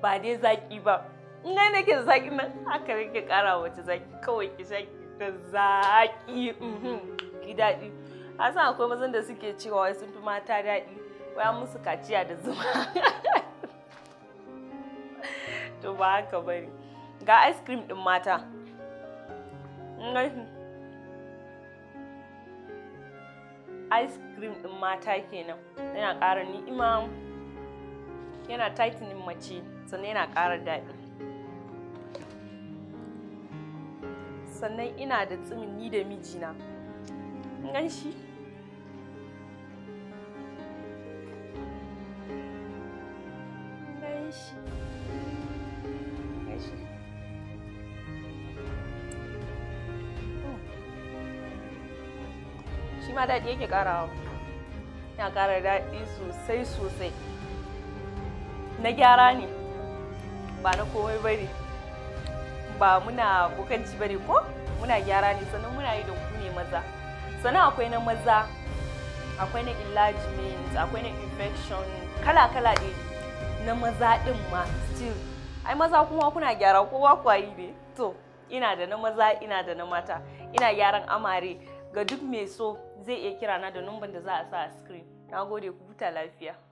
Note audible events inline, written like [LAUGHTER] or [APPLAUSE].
ba dai zaki ba ina nake zaki nan haka nake kara wace zaki kawai ki sha da zaki mhm. ki daɗi a san akwai mazan da suke cewa wai sun fi mata daɗi wai musu kaciya da zuma [LAUGHS] to ba haka ne. ga ice cream din mata ice cream din mata kenan yana ƙara ni'ima yana tightening mace sannan yana ƙara daɗi sannan ina da tsimin ni da mijina ganshi shi ma daɗi yake ƙarawa yana ƙara daɗi sosai sosai na gyara ne ba na komai bane ba muna bokanci bane ko muna gyara ne sannan muna yi da ku ne maza sannan akwai na maza akwai na enlargement akwai na infection kala-kala ne na maza din ma still ai maza kuma kuna gyara kowa yi ne to ina da na maza ina da na mata ina gyaran amare ga duk mai so zai iya kirana da numban da za a sa a screen na gode ku huta lafiya